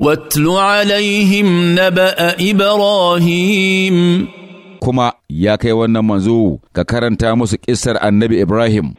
واتل عليهم نبأ إبراهيم كما يا كي wannan manzo ka karanta musu ƙisar annabi Ibrahim